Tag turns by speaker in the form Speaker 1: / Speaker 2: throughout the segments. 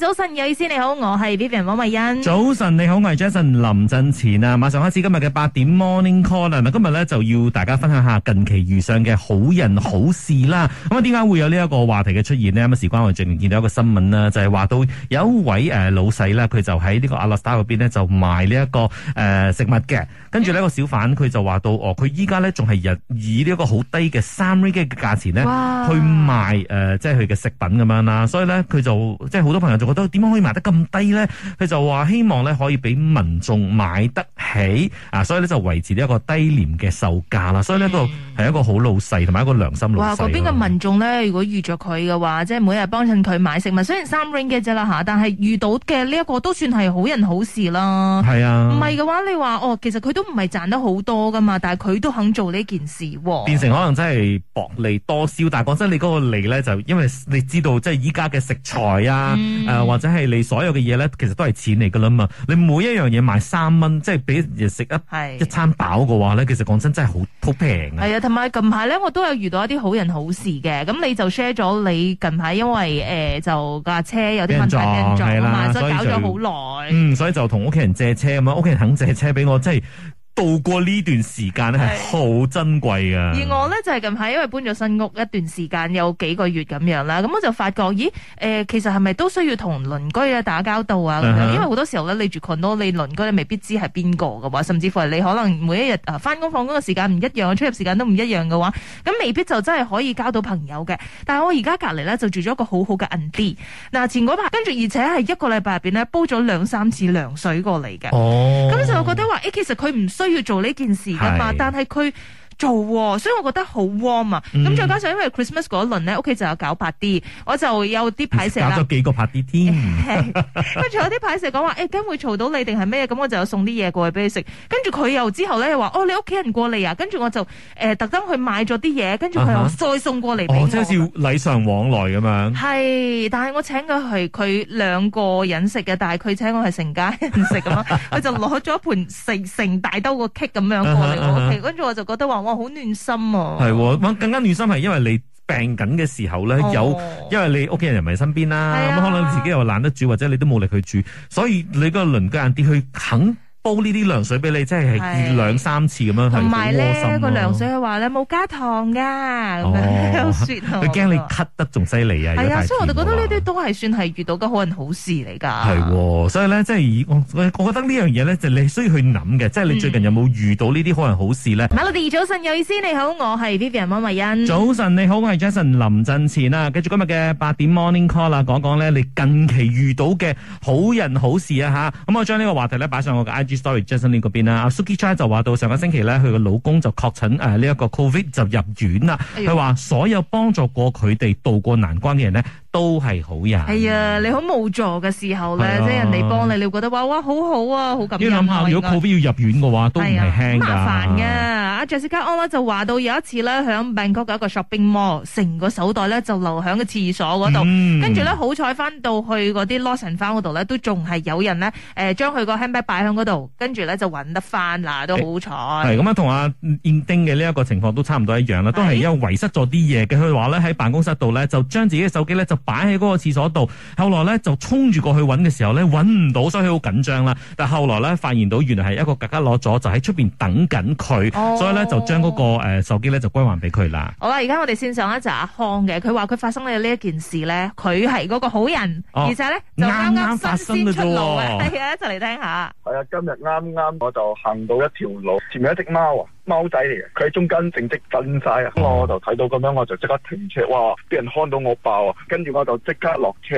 Speaker 1: 早晨，
Speaker 2: 有線你好，我係 Vivian 王慧欣。早晨，你好，我係 Jason 林振前啊！馬上開始今日嘅八點 Morning Call 啦。今日咧就要大家分享下近期遇上嘅好人好事啦。咁啊，點解會有呢一個話題嘅出現咧？咁啊，事關我哋最近見到一個新聞啦、啊，就係、是、話到有一位誒、呃、老細咧，佢就喺呢個阿拉斯加嗰邊咧，就賣呢、這、一個誒、呃、食物嘅。跟住咧，嗯、個小販佢就話到，哦，佢依家咧仲係人以呢一個好低嘅三蚊雞嘅價錢咧哇去賣誒、呃，即係佢嘅食品咁樣啦。所以咧，佢就即係好多朋友。覺得點樣可以賣得咁低咧？佢就話希望咧可以俾民眾買得起啊，所以咧就維持呢一個低廉嘅售價啦。所以呢、這、一個係、嗯、一個好老細，同埋一個良心老細。哇！嗰邊嘅
Speaker 1: 民眾咧，如果遇着佢嘅話，即係每日幫襯佢買食物，雖然三 ring 嘅啫啦吓，但係遇到嘅呢一個都算係好人好事啦。係啊，唔係嘅話，你話哦，其實佢都唔係賺得好多噶嘛，但係佢都肯做呢件事。哦、變成可
Speaker 2: 能真係薄利多銷，但係講真，你嗰個利咧就是、因為你知道，即係依家嘅食材啊。嗯啊，或者係你所有嘅嘢咧，其實都係錢嚟噶啦嘛。你每一樣嘢賣三蚊，即係俾人食一是一餐飽嘅話咧，其實講真真係好好平
Speaker 1: 係啊，同埋近排咧，我都有遇到一啲好人好事嘅。咁你就 share 咗你近排因為誒、呃、就架車有啲問題，掹咗嘛，啦所以搞咗好耐。
Speaker 2: 嗯，所以就同屋企人借車咁樣，屋企人肯借車俾我，即係。度過呢段時間咧係好珍貴噶，而
Speaker 1: 我呢，就係近排因為搬咗新屋，一段時間有幾個月咁樣啦，咁我就發覺，咦，誒、呃，其實係咪都需要同鄰居啊打交道啊咁樣？嗯、哼因為好多時候咧，你住 condo 你鄰居咧未必知係邊個噶話，甚至乎你可能每一日誒翻工放工嘅時間唔一樣，出入時間都唔一樣嘅話，咁未必就真係可以交到朋友嘅。但係我而家隔籬呢，就住咗一個好好嘅鄰居，嗱、啊、前嗰排，跟住而且係一個禮拜入邊咧煲咗兩三次涼水過嚟嘅，咁、哦、就覺得話，誒、欸，其實佢唔需。都要做呢件事噶嘛，是但係佢做、哦，所以我覺得好 warm 啊！咁、嗯、再加上因為 Christmas 嗰一輪咧，屋企就有搞拍啲，我就有啲牌食，搞咗
Speaker 2: 幾個拍啲添，
Speaker 1: 跟住有啲牌食講話，誒，會會嘈到你定係咩？咁我就有送啲嘢過去俾佢食。跟住佢又之後咧話，哦，你屋企人過嚟啊！跟住我就誒、呃、特登去買咗啲嘢，跟住佢又再送過嚟俾我、uh，即好
Speaker 2: 似禮尚往來咁樣。
Speaker 1: 係，但係我請佢係佢兩個人食嘅，但係佢請我係成家人食咁咯。佢 就攞咗一盤成成大兜個 cake 咁樣過嚟我跟住、uh huh. 我就覺得話。我好
Speaker 2: 暖心，啊，係更加暖心，係因為你病緊嘅時候咧，哦、有因為你屋企人又唔喺身邊啦，咁、啊、可能你自己又懶得煮，或者你都冇力去煮，所以你個鄰居硬啲去啃。煲呢啲涼水俾你，即係熱兩三次咁樣，同埋咧個涼水佢話咧
Speaker 1: 冇加糖噶， 雪佢驚
Speaker 2: 你咳得仲犀利啊！係啊，所以
Speaker 1: 我哋覺得呢啲
Speaker 2: 都係算係遇到嘅好人好事嚟噶。係，所以咧即係我我覺得呢樣嘢咧就你需要去諗嘅，嗯、即係你最近有冇遇到呢啲好人好事咧？馬
Speaker 1: 老弟，早晨有意思，你好，我係 Vivian 溫慧欣。早
Speaker 2: 晨你好，我係 Jason 林振前啊！繼續今日嘅八點 Morning Call 啦，講講咧你近期遇到嘅好人好事啊吓！咁、嗯、我將呢個話題咧擺上我嘅 I G。story，Jason Lee 嗰邊啦，阿、啊、Suki Chai 就話到上個星期咧，佢嘅老公就確診誒呢一個 Covid 就入院啦。佢話、哎、呦所有幫助過佢哋渡過難關嘅人咧。都係好人。係
Speaker 1: 啊，你好無助嘅時候咧，即係人哋幫你，你會覺得哇哇好好啊，好感恩。要諗下，如果後邊
Speaker 2: 要入院嘅話，都唔係輕噶。咁麻煩嘅，
Speaker 1: 阿 Jessica Anne 就話到有一次咧，喺曼谷嘅一個 shopping mall，成個手袋咧就留喺個廁所嗰度。跟住咧，好彩翻到去嗰啲 lost and found 嗰度咧，都仲係有人咧，誒將佢個 handbag 擺喺嗰度，跟住咧就揾得翻啦，都好彩。係咁
Speaker 2: 樣，同阿 Andy 嘅呢一個情況都差唔多一樣啦，都係因為遺失咗啲嘢嘅。佢話咧喺辦公室度咧，就將自己嘅手機咧就。擺喺嗰個廁所度，後來咧就衝住過去揾嘅時候咧揾唔到，所以佢好緊張啦。但係後來咧發現到原來係一個格格攞咗，就喺出邊等緊佢，哦、所以咧就將嗰、那個誒、呃、手機咧就歸還俾佢啦。
Speaker 1: 好啦，而家我哋綫上咧就是、阿康嘅，佢話佢發生咗呢一件事咧，佢係嗰個好人，哦、而且咧啱啱新鮮出爐啊，係啊、哦，就嚟聽下。
Speaker 3: 係啊，今日啱啱我就行到一
Speaker 2: 條路，前面有一隻貓啊！貓仔嚟嘅，佢喺中間正即震晒啊！咁、嗯、我就睇到咁樣，我就即刻停車。哇！俾人看到，看到我爆啊！跟住我就即刻落車，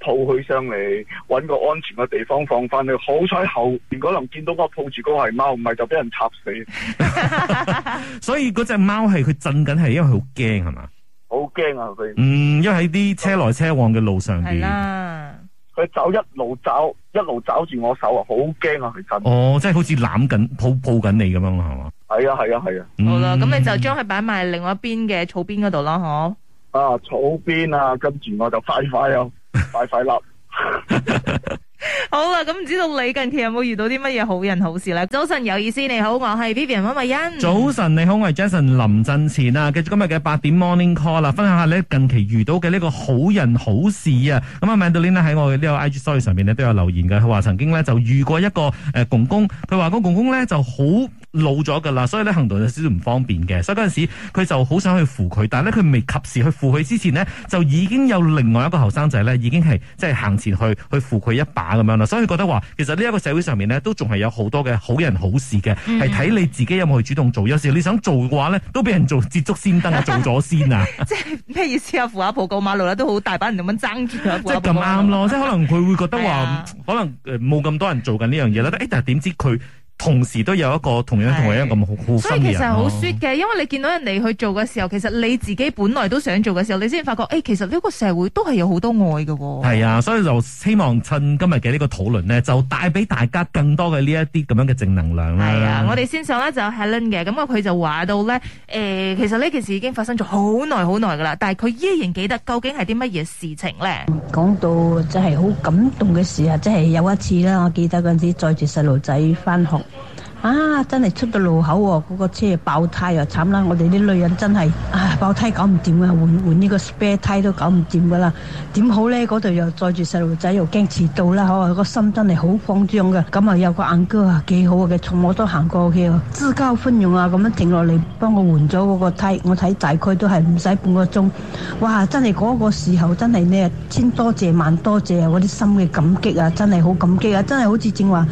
Speaker 2: 抱佢上嚟，揾個安全嘅地方放翻佢。好彩後邊嗰能見到我抱住個係貓，唔係就俾人插死。 所以嗰隻貓係佢震緊，係因為佢好驚係嘛？好驚啊！佢嗯，因為喺啲車來車往嘅路上邊，係啦 的，佢走一路走一路抓住我手啊，好驚啊！佢震 哦，即係好似攬緊抱抱緊你咁樣啊，係嘛？係啊係啊係啊！好啦，咁你就
Speaker 1: 將佢擺埋另外一邊嘅草邊嗰度咯，嗬？
Speaker 2: 啊，草邊啊，跟住我就快快啊，快快甩。
Speaker 1: 好啦，咁唔知道你
Speaker 2: 近期有冇遇到啲乜嘢好人好事咧？早晨有意思，你好，我係 Vivian 翁慧欣。早晨你好，我係 Jason 林振前啊。繼續今日嘅八點 Morning Call 啦，分享下你近期遇到嘅呢個好人好事啊。咁啊，Madeline 咧喺我嘅呢個 IG Story 上面咧都有留言嘅，佢話曾經呢就遇過一個誒公公，佢話個公公呢就好老咗噶啦，所以呢行動有少少唔方便嘅，所以嗰陣時佢就好想去扶佢，但係呢，佢未及時去扶佢之前呢，就已經有另外一個後生仔呢，已經係即係行前去去扶佢一把咁樣。嗱，所以覺得話，其實呢一個社會上面咧，都仲係有好多嘅好人好事嘅，係睇、嗯、你自己有冇去主動做。有時你想做嘅話咧，都俾人做捷足先登、啊，做咗先啊！
Speaker 1: 即係咩意思啊？扶阿婆過馬路咧，都好大把人咁樣爭住啊！啊啊啊啊 即
Speaker 2: 咁啱咯，即係可能佢會覺得話， 啊、可能冇咁多人做緊呢樣嘢啦。但係點知佢？同時都有一個同樣同我一樣咁好，所以其實好 sweet
Speaker 1: 嘅，因為你見到人哋去做嘅時候，其實你自己本來都想做嘅時候，你先發覺，誒、欸，其實呢個社會都係有好多愛嘅。
Speaker 2: 係啊，所以就希望趁今日嘅呢個討論呢，就帶俾大家更多嘅呢一啲咁樣嘅正能量啦。係
Speaker 1: 啊，我哋先上咧就有 Helen 嘅，咁啊佢就話到呢：欸「誒，其實呢件事已經發生咗好耐好耐噶啦，但係佢依然記得究竟係啲乜嘢事情呢？講
Speaker 3: 到真係好感
Speaker 1: 動嘅事啊，即係有一次啦，我記得嗰陣時載住細路仔翻學。啊！真係出到路口喎，嗰、那個車爆胎又慘啦！我哋啲女人真係啊，爆胎搞唔掂啊，換換呢個 spare 胎都搞唔掂噶啦。點好呢？嗰度又載住細路仔，又驚遲到啦，嗬、那！個心真係好慌張噶。咁、嗯、啊，有個眼哥啊，幾好嘅，從我都行過去，知交寬容啊，咁樣停落嚟幫我換咗嗰個梯。我睇大概都係唔使半個鐘。哇！真係嗰個時候真係呢，千多謝萬多謝，我啲心嘅感激啊，真係好感激啊，真係好似正話。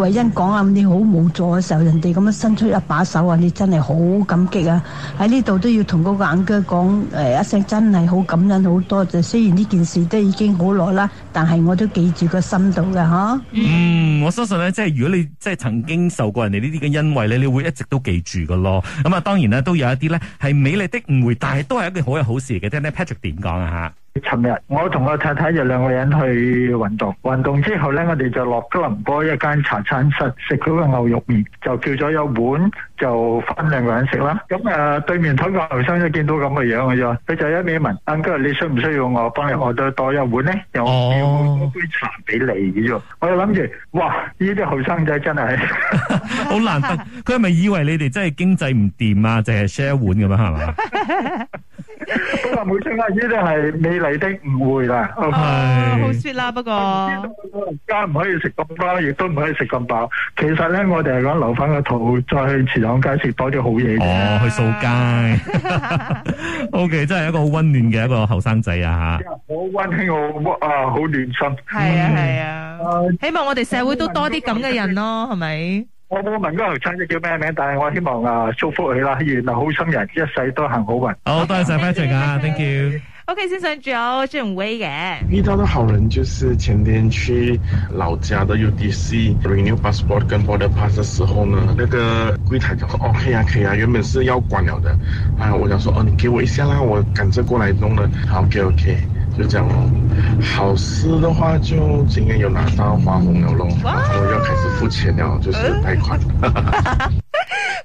Speaker 1: 為因講啊，你好無助嘅時候，人哋咁樣伸出一把手啊，你真係好感激啊！喺呢度都要同嗰個眼哥講誒一聲，真係好感恩好多。就雖然呢件事都已經好耐啦，但係我都記住個心度嘅嚇。啊、嗯，
Speaker 2: 我相信咧，即係如果你即係曾經受過人哋呢啲嘅恩惠咧，你會一直都記住嘅咯。咁、嗯、啊，當然啦，都有一啲咧係美麗的誤會，但係都係一件好嘅好事嚟嘅。聽聽 Patrick 點講啊嚇？尋日我同我太太就兩個人去運動，運動之後咧，我哋就落吉隆坡一間茶餐室食嗰個牛肉麵，就叫咗一碗。就分兩個人食啦，咁誒對面睇個後生仔見到咁嘅樣嘅啫，佢就一味問，跟住你需唔需要我幫你我再倒一碗咧？由我調杯茶俾你嘅啫，我諗住，哇呢啲後生仔真係好難得，佢係咪以為你哋真係經濟唔掂啊？淨係 share 一碗咁啊，係嘛？好
Speaker 1: 難
Speaker 2: 冇錯啊！呢啲係美麗的誤會啦，係好 sweet
Speaker 1: 啦。不
Speaker 2: 過，家唔可以食咁多，亦都唔可以食咁飽。其實咧，我哋係講留翻個肚再去前。講街時多啲好嘢。哦，去掃街。 o、okay, K，真係一個好溫暖嘅一個後生仔啊！吓，好溫馨，好啊，好暖心。係啊，係啊。嗯、
Speaker 1: 希望我哋社會都多啲咁嘅人咯，係咪？是
Speaker 2: 是我冇問嗰個後生仔叫咩名，但係我希望啊、呃，祝福你啦，願啊好心人，一世都行好運。好、哦、多謝晒 Patrick 啊，thank you。thank you.
Speaker 1: O.K. 先生，主要這
Speaker 2: 種威嘅。遇到的好人就是前天去老家的 U.D.C. renew passport 跟 border pass 的時候呢，那個櫃台就，哦，可以啊，可以啊，原本是要關了的。啊、哎，我想說，說，哦，你給我一下啦，我趕着過來弄啦，啊。O.K. O.K. 就這樣咯。好事的話就，今天有拿到花紅了咯，哇然後要開始付錢了，就是貸款。呃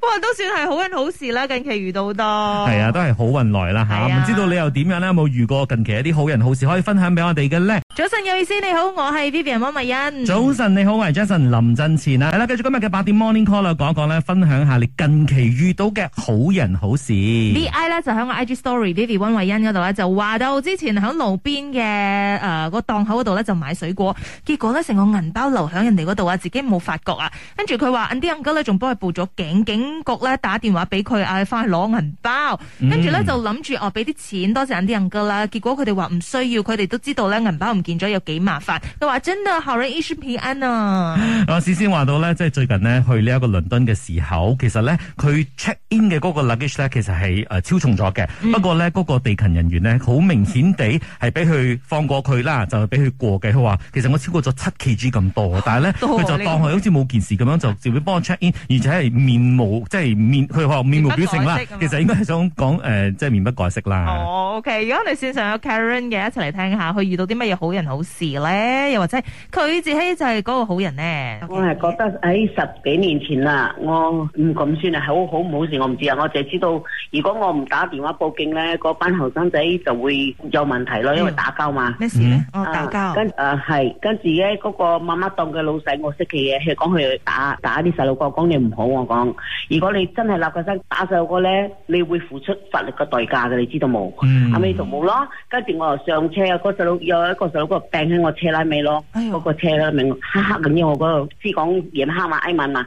Speaker 1: 哇，都算係好人好事啦！近期遇到好多，係啊，
Speaker 2: 都係好運來啦吓，唔、啊、知道你又點樣咧？有冇遇過近期一啲好人好事，可以分享俾我哋嘅咧？早晨有意思，你好，我係 Vivian 溫慧欣。早晨你好，我係 Jason 林振前啊，係啦，繼續今日嘅八點 Morning Call 啦，講一講咧，分享下你近期遇到嘅好人好事。V
Speaker 1: I 咧就喺我 I G Story Vivi 溫慧欣嗰度咧，就話到之前喺路邊嘅誒個檔口嗰度咧就買水果，結果咧成個銀包留喺人哋嗰度啊，自己冇發覺啊，跟住佢話啲阿哥咧仲幫佢報咗警警。警局咧打電話俾佢，嗌翻去攞銀包，跟住咧就諗住哦俾啲錢多謝啲人噶啦，結果佢哋話唔需要，佢哋都知道咧銀包唔見咗有幾麻煩，佢話真係好人一生平安啊！
Speaker 2: 啊，我事先話到咧，即係最近呢，去呢一個倫敦嘅時候，其實咧佢 check in 嘅嗰個 luggage 咧，其實係誒超重咗嘅。嗯、不過咧，嗰個地勤人員咧，好明顯地係俾佢放過佢啦，嗯、就俾佢過嘅。佢話：其實我超過咗七 kg 咁多，哦、但係咧，佢了就當佢好似冇件事咁樣，啊、就直接幫我 check in，而且係面無、嗯、即係面，佢話面無表情啦。其實應該係想講誒，即、呃、係、就是、面不改色啦。
Speaker 1: 哦，OK，如果你哋線上有 Karen 嘅，一齊嚟聽下，佢遇到啲乜嘢好人好事咧？又
Speaker 3: 或者佢自己就係嗰個好人咧、okay.？我係覺得，喺十幾年前啦，我唔咁算啊，好好唔好事。我唔知啊，我就知道，如果我唔打電話報警咧，嗰班後生仔就會有問題咯，因為打交嘛。咩事咧？哦，打交。跟，誒係，跟住咧，嗰個媽媽檔嘅老細我識佢嘅，佢講佢打打啲細路哥，講你唔好我講。如果你真係立個身打細路哥咧，你會付出法律嘅代價嘅，你知道冇？嗯。後尾就冇啦，跟住我又上車啊，嗰細佬有一個細佬哥病喺我車拉尾咯，嗰個車拉尾黑黑咁樣，我嗰度知講染黑嘛，挨埋嘛。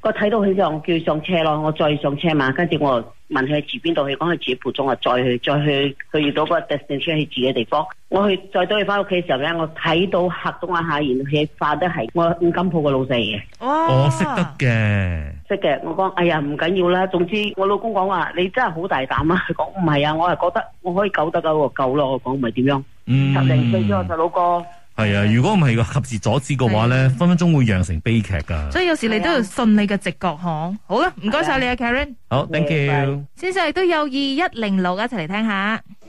Speaker 3: 我睇到佢就後，我叫上車咯，我再上車嘛，跟住我問佢住邊度，佢講佢住喺蒲中啊，再去再去，佢遇到個的士車去住嘅地方，我去再都佢翻屋企嘅時候咧，我睇到嚇到我下，然後佢發得係我五金鋪個老細嘅哇，我識
Speaker 2: 得嘅，
Speaker 3: 識、哎、嘅，我講哎呀唔緊要啦，總之我老公講話你真係好大膽啊，佢講唔係啊，我係覺得我可以救得噶，我救咯，我講唔係點樣，十零歲之後細佬哥。係啊，的如
Speaker 2: 果唔係個及時阻止嘅話咧，分分鐘會釀成悲劇噶。所以
Speaker 1: 有時你都要信你嘅直覺，好。好啦，唔該晒你啊，Karen。好，thank you。先生亦都有二一零六嘅一齊嚟聽下。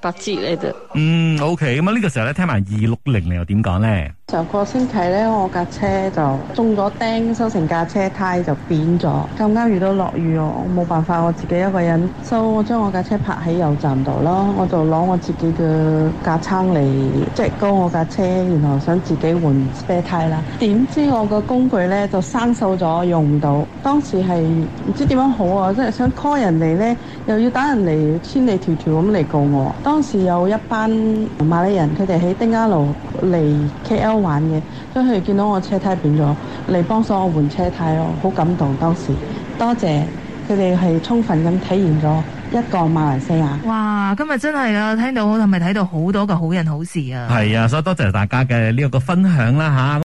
Speaker 1: 八折嚟
Speaker 2: 嘅，嗯，OK，咁啊呢個時候咧，聽埋二六零你又點講咧？
Speaker 1: 上個星期咧，我架車就中咗釘，修成架車胎就扁咗。咁啱遇到落雨哦，我冇辦法，我自己一個人收。我將我架車泊喺油站度咯。我就攞我自己嘅架撐嚟 jack 高我架車，然後想自己換車胎啦。點知我個工具咧就生鏽咗，用唔到。當時係唔知點樣好啊，即係想 call 人嚟咧，又要等人嚟千里迢迢咁嚟告我。當時有一班馬來人，佢哋喺丁家路嚟 KL。玩嘅，所以佢哋見到我車胎變咗，嚟幫手我換車胎咯，好感動當時。多謝佢哋係充分咁體驗咗一個馬來西亞。哇！今日真係啊，聽到同埋睇到好多個好人好事啊。
Speaker 2: 係啊，所以多謝大家嘅呢個分享啦嚇。啊。